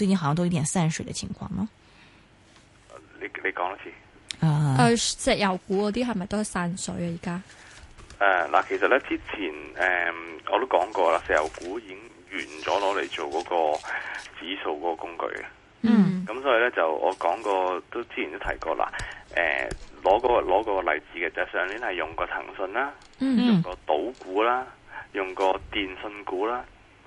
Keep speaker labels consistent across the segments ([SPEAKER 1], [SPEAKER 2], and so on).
[SPEAKER 1] 最近好像都有點散水嘅情況咯。
[SPEAKER 2] 你你講多次。
[SPEAKER 1] 誒、
[SPEAKER 3] 啊，石油股嗰啲係咪都散水啊？而家？
[SPEAKER 2] 誒，嗱，其實咧之前誒、呃、我都講過啦，石油股已經完咗，攞嚟做嗰個指數嗰個工具嘅。嗯。咁所以咧就我講過，都之前都提過啦。誒，攞嗰攞個例子嘅就係上年係用過騰訊啦，用過賭股啦，用過電信股啦。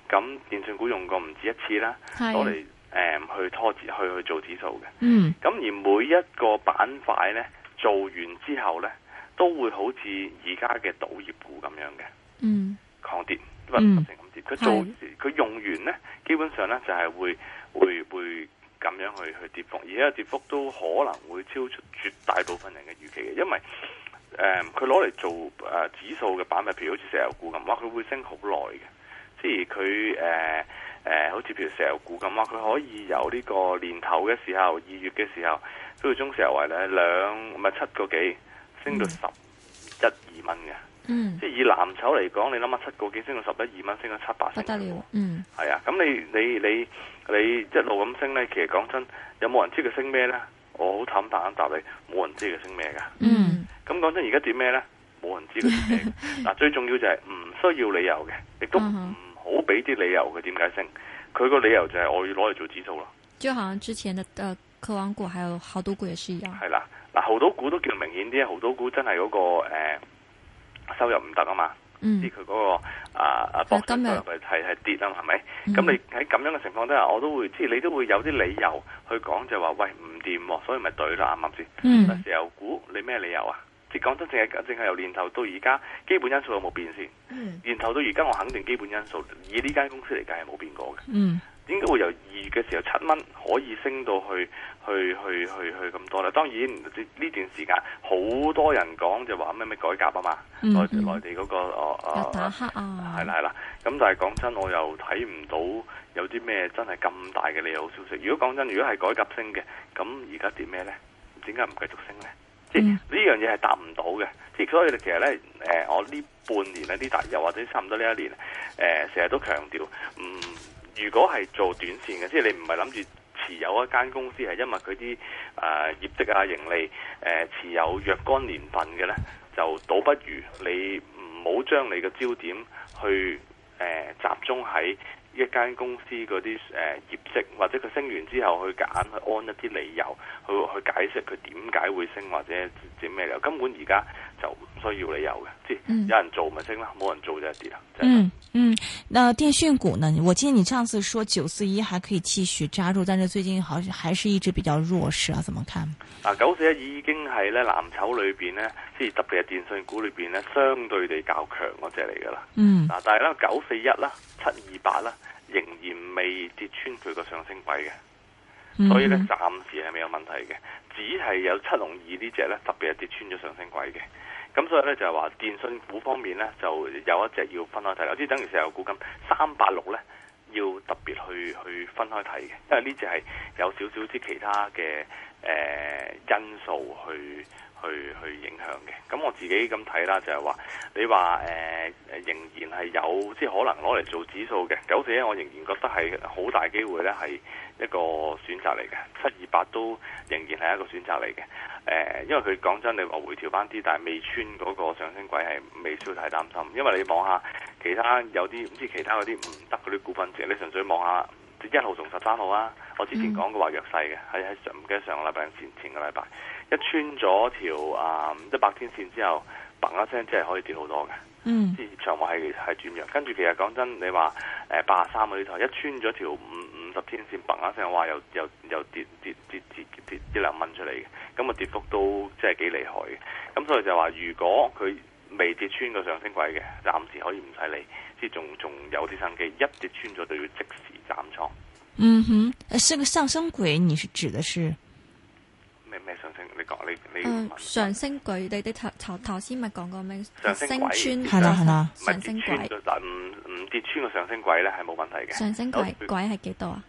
[SPEAKER 2] 咁電信股用過唔止一次啦，攞嚟。誒、嗯，去拖去去做指數嘅。嗯。咁而每一個板塊咧，做完之後咧，都會好似而家嘅賭業股咁樣嘅。嗯。抗跌，唔成咁跌。佢做，佢用完咧，基本上咧就係會會會咁樣去去跌幅，而且跌幅都可能會超出絕大部分人嘅預期嘅，因為誒，佢攞嚟做、呃、指數嘅板，譬如好似石油股咁，哇，佢會升好耐嘅，即係佢誒。呃誒、呃，好似譬如石油股咁啊，佢可以由呢個年頭嘅時候，二月嘅時候，都要中石油為咧兩唔係七個幾升到十一二蚊嘅，嗯，即係以藍籌嚟講，你諗下七個幾升到十一二蚊，升到七八，
[SPEAKER 3] 不得了，嗯、mm.，
[SPEAKER 2] 係啊，咁你你你你一路咁升咧，其實講真，有冇人知佢升咩咧？我好坦白咁答你，冇人知佢升咩噶，嗯、mm.，咁講真而家跌咩咧？冇人知佢跌，嗱、 啊，最重要就係唔需要理由嘅，亦都。好俾啲理由佢點解升？佢個理由就係我要攞嚟做指數咯。
[SPEAKER 3] 就好像之前的誒、呃、科網股，還有好多股也是一
[SPEAKER 2] 樣。係啦，嗱好多股都叫明顯啲，好多股真係嗰、那個誒、呃、收入唔得啊嘛。唔知佢嗰個、呃、啊啊博彩收入係係跌啊嘛，係咪？咁、嗯、你喺咁樣嘅情況之下，我都會即係你都會有啲理由去講，就話喂唔掂、哦，所以咪對啦，啱唔啱先？嗯。石油股你咩理由啊？講真，淨係淨係由年頭到而家，基本因素有冇變先？Mm. 年頭到而家，我肯定基本因素，以呢間公司嚟計係冇變過嘅。Mm. 應該會由二嘅時候七蚊可以升到去去去去去咁多啦。當然呢段時間好多人講就話咩咩改革啊嘛，mm. 內地內地嗰個哦哦，mm. 啊、打黑啊，係啦係啦。咁但係講真，我又睇唔到有啲咩真係咁大嘅利好消息。如果講真，如果係改革升嘅，咁而家跌咩咧？點解唔繼續升咧？呢樣嘢係答唔到嘅，之所以其實咧，誒、呃、我呢半年呢，啲大，又或者差唔多呢一年，誒成日都強調，嗯，如果係做短線嘅，即係你唔係諗住持有一間公司係因為佢啲誒業績啊、盈利，誒、呃、持有若干年份嘅咧，就倒不如你唔好將你嘅焦點去誒、呃、集中喺一間公司嗰啲誒業績，或者佢升完之後去揀去按一啲理由去去解釋佢點解會升，或者接咩嘢？根本而家就唔需要理由嘅，即、嗯、係有人做咪升啦，冇人做就跌啦。嗯
[SPEAKER 1] 嗯，那電訊股呢？我記得你上次說九四一還可以繼續揸住，但是最近好像還是一直比較弱勢啊？怎麼看？
[SPEAKER 2] 嗱、呃，九四一已經係咧藍籌裏邊咧，即係特別係電訊股裏邊咧，相對地較強嗰隻嚟噶啦。嗯，嗱、呃，但係咧，九四一啦，七二八啦。仍然未跌穿佢個上升軌嘅，
[SPEAKER 3] 所以咧
[SPEAKER 2] 暫時係未有問題嘅，只係有七龍二這隻呢隻咧，特別係跌穿咗上升軌嘅。咁所以咧，就係話電訊股方面咧，就有一隻要分開睇，有啲等於石油股金三八六咧，要特別去去分開睇嘅，因為呢只係有少少啲其他嘅誒、呃、因素去。去去影響嘅咁，那我自己咁睇啦，就係、是、話你話誒、呃、仍然係有即係可能攞嚟做指數嘅，九四一，我仍然覺得係好大機會呢係一個選擇嚟嘅七二八都仍然係一個選擇嚟嘅誒，因為佢講真，你話回調翻啲，但係未穿嗰個上升軌係未需要太擔心，因為你望下其他有啲唔知道其他嗰啲唔得嗰啲股份值，你純粹望下。一號同十三號啊！我之前講過話弱勢嘅，喺、嗯、喺上唔記得上個禮拜前前個禮拜一穿咗條啊一百天線之後，砰一聲，即係可以跌好多嘅。嗯，市場話係係轉弱，跟住其實講真的，你話誒八十三嗰啲台一穿咗條 50, 五五十天線，砰一聲，哇！又又又跌跌跌跌跌跌一兩蚊出嚟嘅，咁啊跌幅都即係幾厲害嘅。咁所以就話，如果佢未跌穿個上升軌嘅，暫時可以唔使理，即係仲仲有啲生機。一跌穿咗都要即時。站
[SPEAKER 1] 倉，嗯哼，誒，個上升軌，你是指的是
[SPEAKER 2] 咩咩上升？你講你你、嗯，
[SPEAKER 3] 上升軌，你啲頭頭頭先咪講過咩？上升穿，係啦係啦，上升軌，
[SPEAKER 2] 但唔唔跌穿個上升軌咧係冇問題嘅。上升軌軌係幾多啊？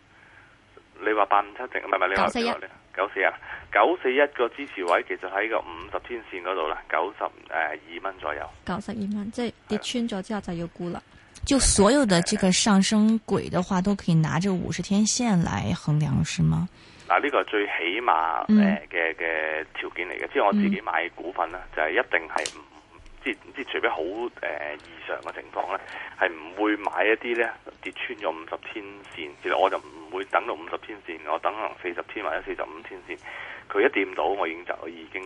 [SPEAKER 2] 你話八五七定唔係唔係？九四一，九四一，九四一個支持位，其實喺個五十天線嗰度啦，九十誒二蚊左右。
[SPEAKER 3] 九十二蚊，即係跌穿咗之後就要沽啦。就所有的這個上升軌的話，都
[SPEAKER 1] 可以拿這五十天線來衡量，是嗎？
[SPEAKER 2] 嗱，呢個係最起碼誒嘅嘅條件嚟嘅。即係我自己買的股份啦、嗯，就係、是、一定係唔，即係即係除非好誒異常嘅情況咧，係唔會買一啲咧跌穿咗五十天線。其實我就唔會等到五十天線，我等可能四十天或者四十五天線，佢一掂到我已經就已經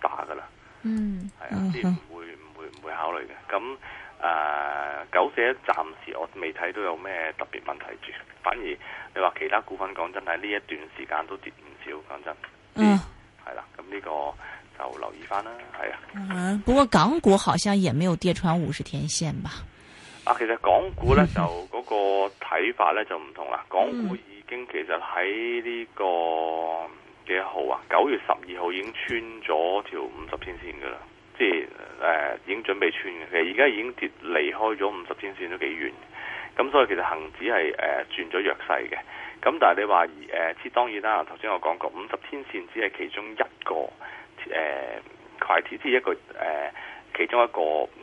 [SPEAKER 2] 打噶啦。
[SPEAKER 3] 嗯，
[SPEAKER 2] 係啊，即係唔會唔會唔會考慮嘅。咁。誒，九四一暫時我未睇到有咩特別問題住，反而你話其他股份，講真係呢一段時間都跌唔少，講真。嗯。係啦，咁呢個就留意翻啦，係啊、嗯。
[SPEAKER 1] 不過港股好像也沒有跌穿五十天線吧？
[SPEAKER 2] 啊，其實港股咧、嗯、就嗰個睇法咧就唔同啦，港股已經其實喺呢個幾號啊，九月十二號已經穿咗條五十天線噶啦。即係誒已經準備穿嘅。其實而家已經跌離開咗五十天線都幾遠，咁所以其實恒指係，呃、轉咗弱勢嘅，咁但係你話即，呃、當然啦，頭先我講過五十天線只係其中一個誒，係只係一個，呃其中一個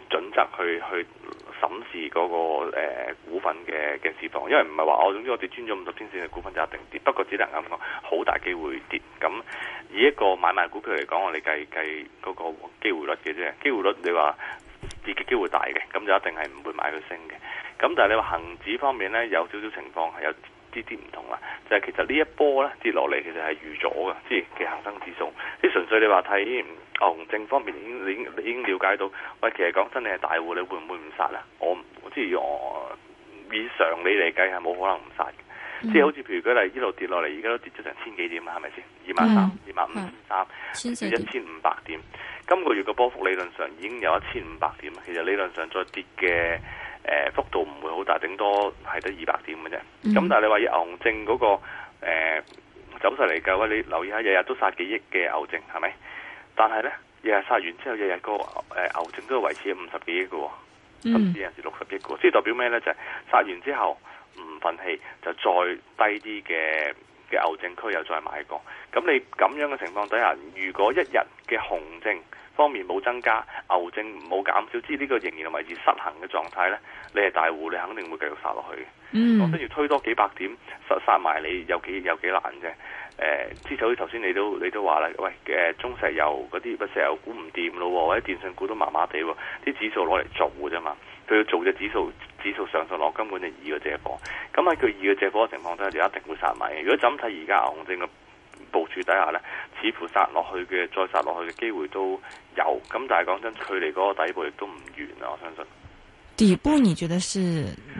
[SPEAKER 2] 準則去去審視嗰個、呃、股份嘅嘅市況，因為唔係話我總之我哋專咗五十天線嘅股份就一定跌，不過只能咁講，好大機會跌。咁以一個買賣股票嚟講，我哋計計嗰個機會率嘅啫，機會率你話跌嘅機會大嘅，咁就一定係唔會買佢升嘅。咁但係你話恒指方面呢，有少少情況係有。啲啲唔同啦，就係、是、其實呢一波咧跌落嚟，其實係預咗嘅，即係嘅恒生指數。啲純粹你話睇，哦，紅證方面，已經已經已經瞭解到，喂，其實講真，你係大戶，你會唔會唔殺啦？我即係我，知我以常理嚟計，係冇可能唔殺嘅。即、嗯、係好似譬如舉例一路跌落嚟，而家都跌咗成千幾點，係咪先？二萬三、二萬五、二萬三，一千五百點。今個月嘅波幅理論上已經有一千五百點，其實理論上再跌嘅。誒、呃、幅度唔會好大，頂多係得二百點嘅啫。咁、嗯、但係你話以牛證嗰、那個、呃、走勢嚟計，喂！你留意下，日日都殺幾億嘅牛證係咪？但係咧，日日殺完之後，日日個誒牛證、呃、都維持五十幾億㗎、哦，甚至係六十億㗎、哦。即、嗯、係代表咩咧？就係、是、殺完之後唔忿氣，就再低啲嘅。嘅牛證區又再買過，咁你咁樣嘅情況底下，如果一日嘅熊證方面冇增加，牛證唔好減少，即呢個仍然係維持失衡嘅狀態呢？你係大戶，你肯定會繼續殺落去。嗯，跟住推多幾百點，殺埋你有幾有幾難啫。呃，之至少頭先你都你都話啦，喂，中石油嗰啲石油股唔掂咯，或者電信股都麻麻地喎，啲指數攞嚟做嘅啫嘛。佢要做隻指數，指數上上落根本就二個借股，咁喺佢二個借股嘅情況底下就一定會殺埋嘅。如果整體而家牛熊證嘅部署底下咧，似乎殺落去嘅再殺落去嘅機會都有，咁但係講真，距離嗰個底部亦都唔遠啦，我相信。
[SPEAKER 1] 底部你覺得是？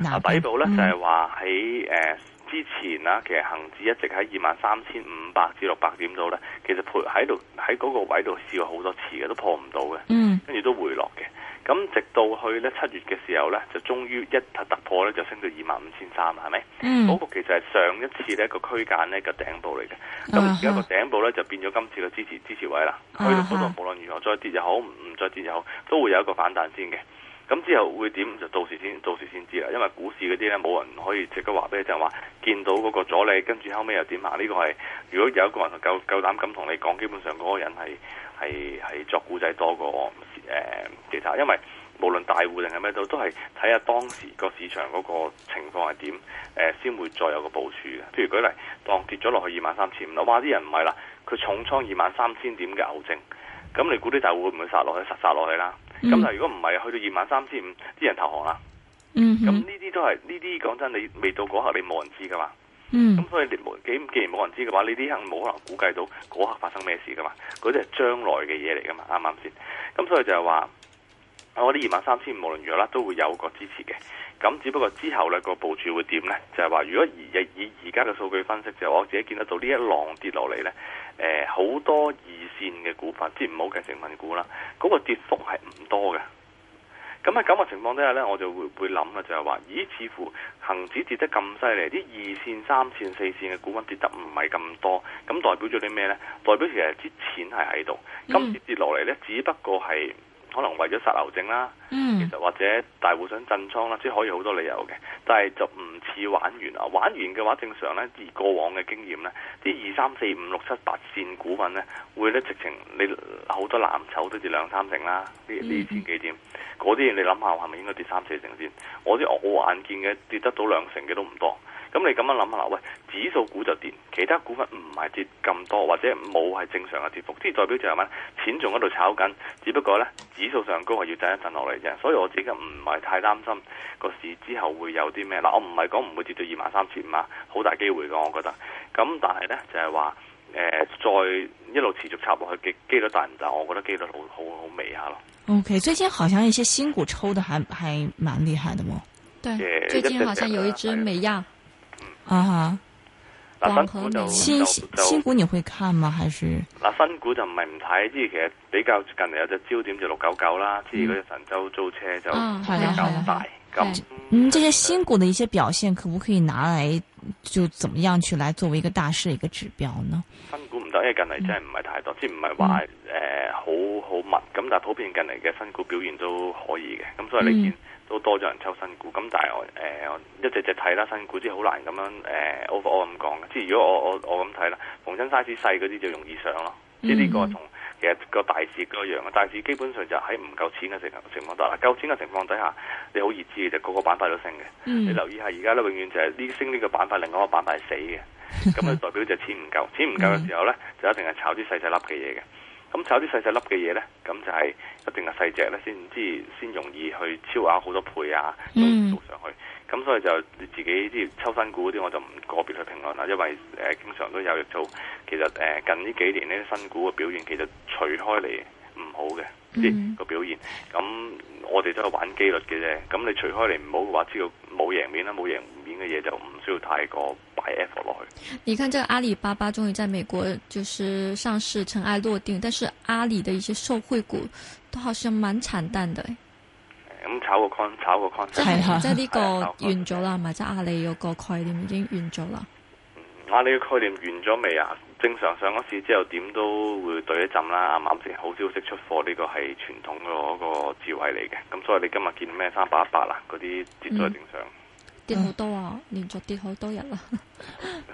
[SPEAKER 2] 嗱，底部咧就係話喺誒之前啦，其實恒指一直喺二萬三千五百至六百點度咧，其實喺度喺嗰個位度試過好多次嘅，都破唔到嘅，跟、嗯、住都回落嘅。咁直到去咧七月嘅時候咧，就終於一突突破咧，就升到二萬五千三係咪？嗯，嗰個其實係上一次呢個區間呢個頂部嚟嘅。咁而家個頂部咧就變咗今次嘅支持支持位啦。去到嗰度、嗯、無論如何再跌又好，唔唔再跌又好，都會有一個反彈先嘅。咁之後會點就到時先，到時先知啦。因為股市嗰啲咧冇人可以即刻話俾你聽話，見到嗰個阻力，跟住後尾又點呀？呢、呢個係如果有一個人夠夠膽咁同你講，基本上嗰個人係。係係作古仔多過誒其、呃、他，因為無論大戶定係咩都，都係睇下當時個市場嗰個情況係點誒，先、呃、會再有個部署嘅。譬如舉例，當跌咗落去二萬三千五啦，哇！啲人唔係啦，佢重倉二萬三千點嘅牛證。咁你估啲大戶會唔會殺落去？實殺落去啦。咁但係如果唔係，去到二萬三千五，啲人投降啦。咁呢啲都係呢啲，講真的，你未到嗰刻，你冇人知噶嘛。嗯，咁所以你冇，既既然冇人知嘅話，呢啲係冇可能估計到嗰刻發生咩事噶嘛，嗰啲係將來嘅嘢嚟噶嘛，啱唔啱先？咁所以就係話，我覺得二萬三千，無論如何啦，都會有個支持嘅。咁只不過之後咧個部署會點咧？就係話，如果而以而家嘅數據分析，就說我自己見得到呢一浪跌落嚟咧，誒、呃、好多二線嘅股份，即係唔好計成份股啦，嗰、那個跌幅係唔多嘅。咁喺咁嘅情況之下呢，我就會會諗啊，就係話，咦？似乎恒指跌得咁犀利，啲二線、三線、四線嘅股份跌得唔係咁多，咁代表咗啲咩呢？代表其實啲錢係喺度，今次跌落嚟呢，只不過係。可能為咗殺牛證啦，其實或者大戶想震倉啦，即係可以好多理由嘅，但係就唔似玩完啊！玩完嘅話，正常咧，而過往嘅經驗咧，啲二三四五六七八線股份咧，會咧直情你好多藍籌都跌兩三成啦，呢呢千幾點，嗰啲你諗下係咪應該跌三四成先？我啲我眼見嘅跌得到兩成嘅都唔多。咁你咁樣諗下喂，指數股就跌，其他股份唔係跌咁多，或者冇係正常嘅跌幅，即啲代表就係咩？錢仲喺度炒緊，只不過咧指數上高係要震一陣落嚟啫。所以我自己唔係太擔心個市之後會有啲咩。嗱，我唔係講唔會跌到二萬三千五啊，好大機會㗎。我覺得。咁但係咧就係、是、話，呃，再一路持續插落去嘅機，機率大唔大，我覺得機率好好好微下咯。O、
[SPEAKER 1] okay. K，最近好像一些新股抽得還還蠻厲害的喎。對，
[SPEAKER 2] 最近
[SPEAKER 3] 好像有一支美亞。
[SPEAKER 1] 啊、uh、哈
[SPEAKER 2] -huh！嗱，新新
[SPEAKER 1] 股你會看嗎？還是
[SPEAKER 2] 嗱，新股就唔係唔睇，即係其實比較近嚟有隻焦點就六九九啦，即係嗰隻神州租租車就比較大
[SPEAKER 1] 咁，啊。嗯，這些新股的一些表現可唔可以拿嚟就怎麼樣去來作為一個大市一個指標呢？
[SPEAKER 2] 新股唔得，因為近嚟真係唔係太多，嗯、即係唔係話誒好好密咁，但係普遍近嚟嘅新股表現都可以嘅，咁所以你見。嗯都多咗人抽新股，咁但係我誒、呃、一隻隻睇啦，新股啲好難咁樣誒 over、呃、我咁講嘅，即係如果我我我咁睇啦，逢親 size 細嗰啲就容易上咯，mm -hmm. 即係呢個同其實個大市一樣嘅，大市基本上就喺唔夠錢嘅情情況度啦，夠錢嘅情況底下，你好易知嘅就個個板塊都升嘅，mm -hmm. 你留意下而家咧，永遠就係呢升呢個板塊，另外一個板塊死嘅，咁啊代表就係錢唔夠，錢唔夠嘅時候咧，mm -hmm. 就一定係炒啲細細粒嘅嘢嘅。咁炒啲細細粒嘅嘢咧，咁就係一定係細隻咧，先唔知先容易去超額好多倍啊，咁做上去。咁所以就你自己啲抽新股嗰啲，我就唔個別去評論啦，因為、呃、經常都有做。其實、呃、近呢幾年呢啲新股嘅表現、mm -hmm. 欸、表現，其實除開嚟唔好嘅啲個表現，咁我哋都係玩機率嘅啫。咁你除開嚟唔好嘅話，知道冇贏面啦，冇贏嘅嘢就唔需要太過擺 effort 落去。
[SPEAKER 3] 你看，這個阿里巴巴終於在美國就是上市，塵埃落定。但是阿里的一些受惠股都好像蠻慘淡的。
[SPEAKER 2] 咁、嗯、炒個 con，炒個 con。係即係呢個、啊這個、
[SPEAKER 3] 完咗啦，同埋即係阿里嗰個概念已經完咗啦。
[SPEAKER 2] 阿里嘅概念完咗未啊？正常上市之後點都會對一陣啦。啱啱先好消息出貨，呢個係傳統嗰個智慧嚟嘅。咁所以你今日見到咩三八八啦嗰啲跌咗正常。
[SPEAKER 3] 跌好多啊、哦嗯，連續跌好多日
[SPEAKER 2] 啦、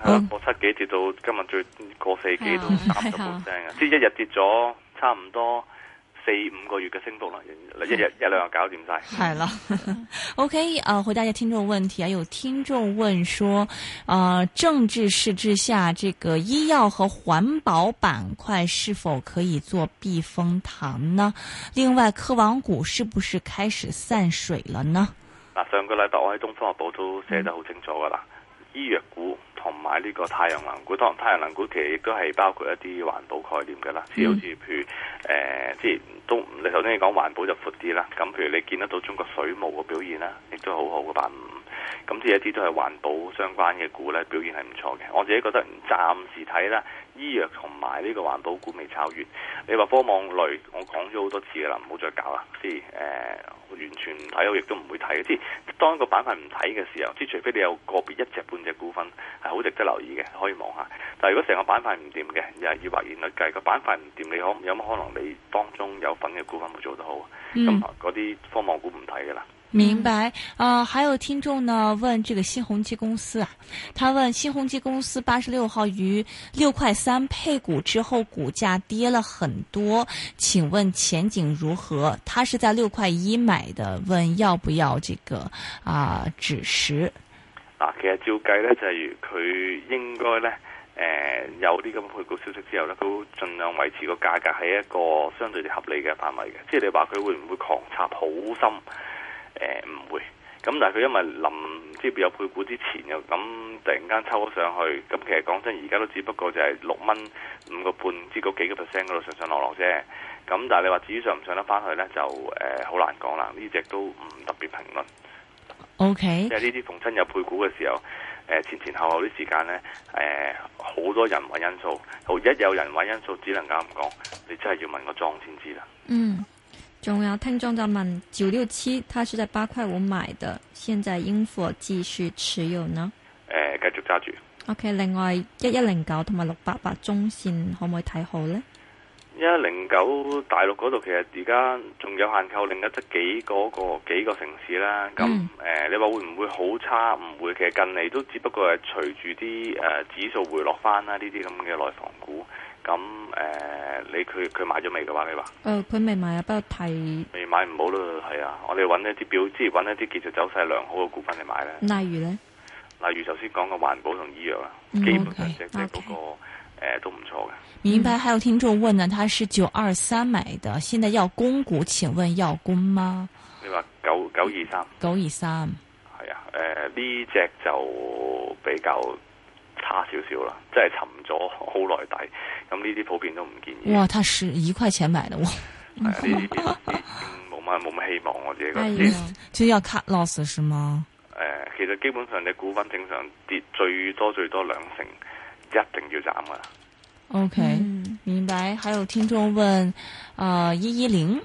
[SPEAKER 2] 嗯。我七幾跌到今日最過四幾到三十多 percent 啊，即係、啊、一日跌咗差唔多四五個月嘅升幅啦，一日一兩日搞掂晒。係
[SPEAKER 1] 啦，OK，啊、呃，回答下聽眾問題啊，有聽眾問說，啊、呃，政治市制下，這個醫藥和環保板塊是否可以做避風塘呢？另外，科網股是不是開始散水了呢？
[SPEAKER 2] 上個禮拜我喺《東方日報》都寫得好清楚噶啦、嗯，醫藥股同埋呢個太陽能股，當然太陽能股其實亦都係包括一啲環保概念嘅啦，即係好似譬如誒，即、呃、係都你頭先講環保就闊啲啦。咁譬如你見得到中國水務嘅表現啦，亦都好好嘅吧。咁即係一啲都係環保相關嘅股咧，表現係唔錯嘅。我自己覺得暫時睇啦。醫藥同埋呢個環保股未炒完，你話科網類，我講咗好多次嘅啦，唔好再搞啦。即係誒，呃、我完全唔睇，我亦都唔會睇嘅。即係當一個板塊唔睇嘅時候，即係除非你有個別一隻半隻股份係好值得留意嘅，可以望下。但係如果成個板塊唔掂嘅，又係以或然率嚟計，個板塊唔掂，你可有乜可能你當中有份嘅股份會做得好？咁嗰啲科網股唔睇嘅啦。
[SPEAKER 1] 明白，啊、呃，還有聽眾呢？問這個新鴻基公司啊，他問新鴻基公司八十六號於六塊三配股之後，股價跌了很多，請問前景如何？他是在六塊一買的，問要不要這個啊、呃、止蝕？
[SPEAKER 2] 啊其實照計、就是、呢，就係佢應該呢，誒有啲咁配股消息之後呢都盡量維持個價格喺一個相對合理嘅範圍嘅，即係你話佢會唔會狂插好深？誒、呃、唔會，咁但係佢因為臨即係有配股之前又咁突然間抽咗上去，咁其實講真而家都只不過就係六蚊五個半，至嗰幾個 percent 嗰度上下上落落啫。咁但係你話至於上唔上得翻去呢，就誒好、呃、難講啦。呢隻都唔特別評論。
[SPEAKER 1] O、okay. K。即係
[SPEAKER 2] 呢啲逢親有配股嘅時候、呃，前前後後啲時間呢，誒、呃、好多人為因素，好、呃、一有人為因素，只能夠咁講，你真係要問個莊先知啦。嗯。
[SPEAKER 3] 仲有聽眾就問：九六七，他是在八塊五買的，現在應否繼續持有呢？誒、
[SPEAKER 2] 呃，繼續揸住。
[SPEAKER 3] OK，另外一一零九同埋六八八中線可唔可以睇好呢？
[SPEAKER 2] 一一零九大陸嗰度其實而家仲有限購，另一隻幾嗰個幾個城市啦。咁、嗯、誒、呃，你話會唔會好差？唔會，其實近嚟都只不過係隨住啲誒指數回落翻啦，呢啲咁嘅內房股。咁、嗯、誒、呃，你佢佢買咗未嘅話，你話
[SPEAKER 3] 誒佢未買啊，買不過提
[SPEAKER 2] 未買唔好咯，係啊，我哋揾一啲表，即係揾一啲技術走勢良好嘅股份嚟買咧。例如咧，例如頭先講嘅環保同醫藥啊、嗯，基本上隻嗰、嗯 okay, 個誒、okay. 呃、都唔錯嘅。
[SPEAKER 1] 明白，還有聽眾問呢，他是九二三買的，現在要供股，請問要供嗎？
[SPEAKER 2] 你話九九二三，九二三係啊，誒、呃、呢隻就比較。差少少啦，真係沉咗好耐底，咁呢啲普遍都唔建
[SPEAKER 1] 議。哇，他十一塊錢買的，我，嗯 ，
[SPEAKER 2] 冇乜冇乜希望我自己覺得。哎呀，
[SPEAKER 1] 就要 cut loss 是嗎？
[SPEAKER 2] 誒、呃，其實基本上你股份正常跌最多最多兩成，一定要斬噶啦。
[SPEAKER 1] OK、嗯、明白。還有聽眾問，啊、呃，一一零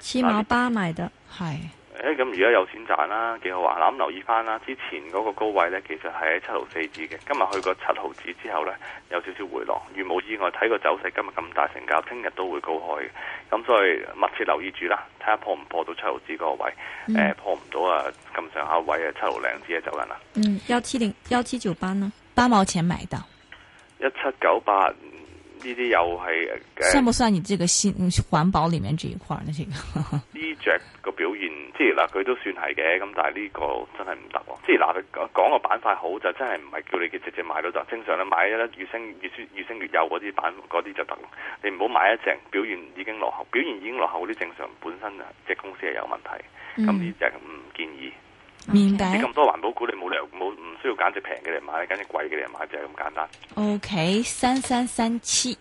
[SPEAKER 1] 七毛八
[SPEAKER 3] 買的，係、嗯。
[SPEAKER 2] 誒、哎，咁而家有錢賺啦，幾好話、啊。嗱，咁留意翻啦，之前嗰個高位咧，其實係喺七毫四紙嘅。今日去過七毫指之後咧，有少少回落。如冇意外，睇個走勢，今日咁大成交，聽日都會高開嘅。咁所以密切留意住啦，睇下破唔破到七毫紙個位。誒、嗯啊，破唔到啊，咁上下位啊，七六零紙就走緊啦、啊。嗯，
[SPEAKER 1] 一七零一七九八呢？八毛錢買到一
[SPEAKER 2] 七九八。呢啲又係誒，算不
[SPEAKER 1] 算你這個新環保裏面這一塊
[SPEAKER 2] 呢？ 這個表現，即係嗱，佢都算係嘅，咁但係呢個真係唔得喎。即係嗱，佢講個板塊好就是，真係唔係叫你直接買到就正常啦。愈愈了你買一越升越升越升越有嗰啲板嗰啲就得，你唔好買一隻表現已經落後，表現已經落後啲正常本身啊，隻公司係有問題，咁呢隻唔建議。明白。咁多環保股，你冇理由，冇唔需要揀隻平嘅嚟買，揀隻貴嘅嚟買就係咁簡單。
[SPEAKER 1] OK，三三三七，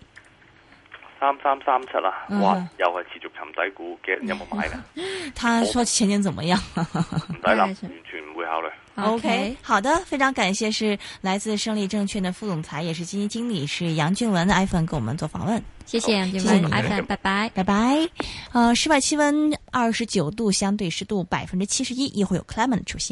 [SPEAKER 2] 三三三七啦，哇，又係持續沉底股嘅，有冇買咧？
[SPEAKER 1] 他說前景怎麼樣？
[SPEAKER 2] 唔使諗，完全唔會考慮，okay。
[SPEAKER 1] OK，好的，非常感謝，是來自勝利證券的副總裁，也是基金經理，是楊俊文的 iPhone，跟我們做訪問。謝謝，謝謝你們 i p 拜拜，拜拜。呃，室外氣溫二十九度，相對濕度百分之七十一，也會有 cloudy 的出現。